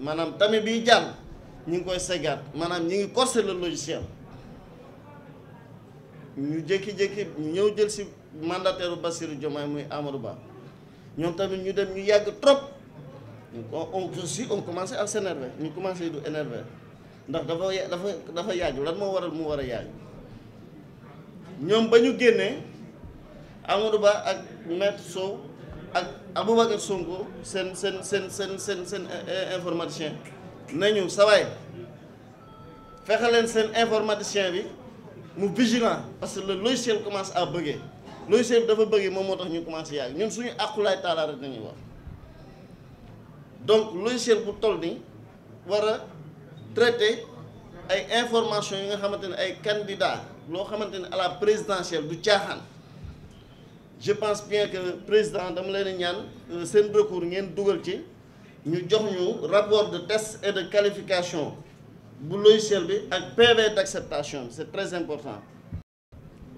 maanaam tamit bi jàll ñu ngi koy segaat maanaam ñu ngi corser le logiciel ñu jékki-jékki ñëw jël si mandataire basiru Diomaye muy Amadou Ba ñoom tamit ñu dem ñu yàgg trop on aussi on commencé à s'énerver ñu commencé du énerver ndax dafa dafa dafa yaaju lan moo waral mu war a yaaju ñoom ba ñu génnee Amadou Ba ak maître soow ak Aboubacar Sonko seen seen seen seen seen seen eh, eh, informaticien nañu sawaay fexe leen seen informaticien bi mu vigilant parce que le logiciel commence à bëggee logiciel bi dafa bëggee moom moo tax ñu commencé yàgg ñun suñu àqulaay taala rek nañuy wax donc logiciel bu toll ni war a traité ay information yi nga xamante ne ay candidat loo xamante ne à la présidentielle du caaxaan je pense bien que le président de leen ñaan le euh, recours ngeen nous ci ñu rapport de test et de qualification pour logiciel avec PV d'acceptation c'est très important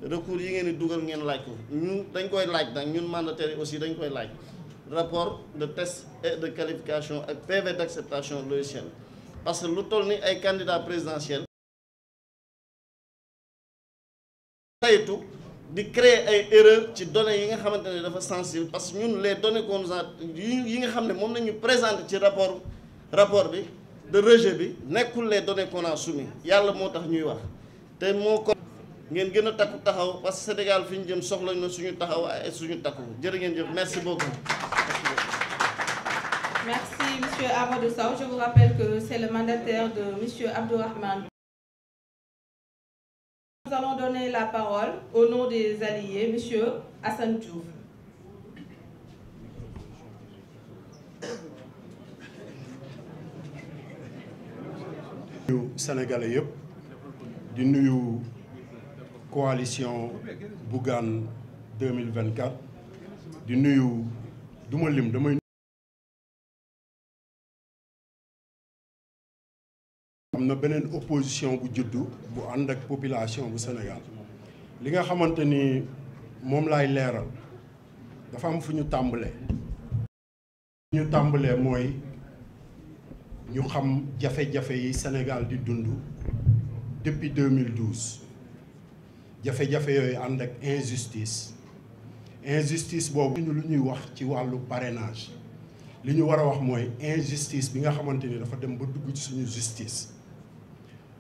recours yi ngeen rapport de test et de qualification avec PV d'acceptation logiciel parce que l'autorité est ni candidat présidentiel tout di créer ay erreurs ci données yi nga xamante dafa sensible parce que ñun les données qu'on a yi nga xam ne moom la ci rapport rapport bi de rejet bi nekkul les données qu'on a soumis yàlla moo tax ñuy wax te moo ko ngeen gën takku taxaw parce que Sénégal fi ñu jëm soxla na suñu taxaw ay suñu takku jërë jëf merci beaucoup. Merci Monsieur Amadou Sow je vous rappelle que c'est le mandataire de Monsieur Abdourahmane nous allons donner la parole au nom des alliés, Monsieur Hassan Diouf. sénégalais nous di coalition Bougan 2024 di nuyu de Nous avons une opposition bu jiddu bu population bu Sénégal li nga xamanteni mom lay leral dafa am ñu ñu xam Sénégal di depuis 2012 Nous jafé yoy injustice injustice ñu parrainage li injustice bi nga justice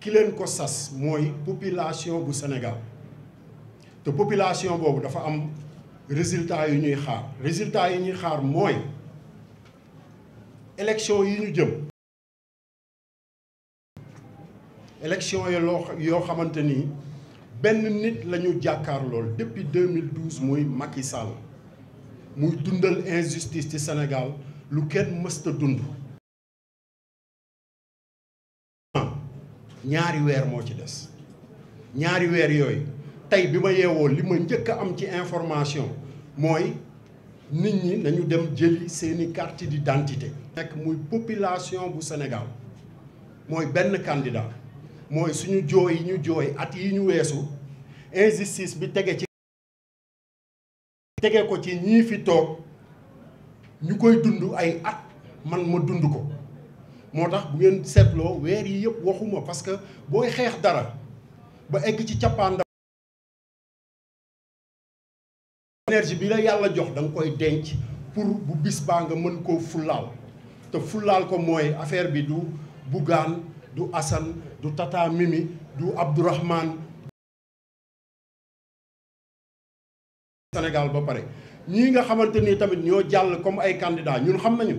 ki leen ko sas mooy population bu Sénégal te population boobu dafa am résultat yu ñuy xaar résultat yi ñuy xaar mooy élection yi ñu jëm élection yi loo yoo xamante ni benn nit la ñu lool depuis 2012 muy Macky Sall muy dundal injustice ci Sénégal lu kenn mësta dund ñaari weer moo ci des ñaari weer yooyu tey bi ma yeewoo li ma njëkk a am ci information mooy nit ñi nañu dem jëli seeni carte d'identité nekk muy population bu Sénégal mooy benn candidat mooy suñu jooy yi ñu jooy at yi ñu weesu injustice bi tege ci tege ko ci ñii fi toog ñu koy dund ay at man ma dund ko moo tax bu ngeen seetloo weer yi yëpp waxuma parce que booy xeex dara ba egg ci cappaanda énergie bi la yàlla jox da nga koy denc pour bu bis baa nga mën koo fullaal te fullaal ko mooy affaire bi du Bougane du Assane du Tata Mimi du abdurrahman. Sénégal ba pare ñii nga xamante ni tamit ñoo jàll comme ay candidats ñun xam nañu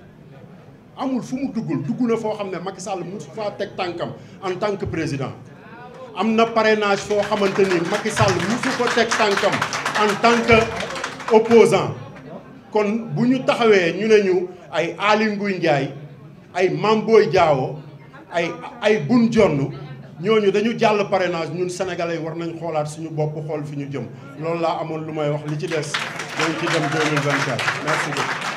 amul fu mu duggul dugg na foo xam ne Macky Sall mu faa teg tànkam en tant que président am na parrainage foo xamante ni Macky Sall mu su ko teg tànkam en tant que kon bu ñu taxawee ñu ne ñu ay Aly Ngouille ay Mame Boye Diao ay ay Boun Dionne ñooñu dañu jàll parenage ñun sénégalais war nañ xoolaat suñu bopp xool fi ñu jëm loolu laa amoon lu may wax li ci des dañ ci dem 2024 merci beaucoup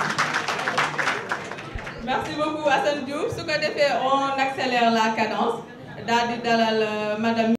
merci beaucoup Hassan Diouf qu'on a fait, on accélère la cadence euh, madame.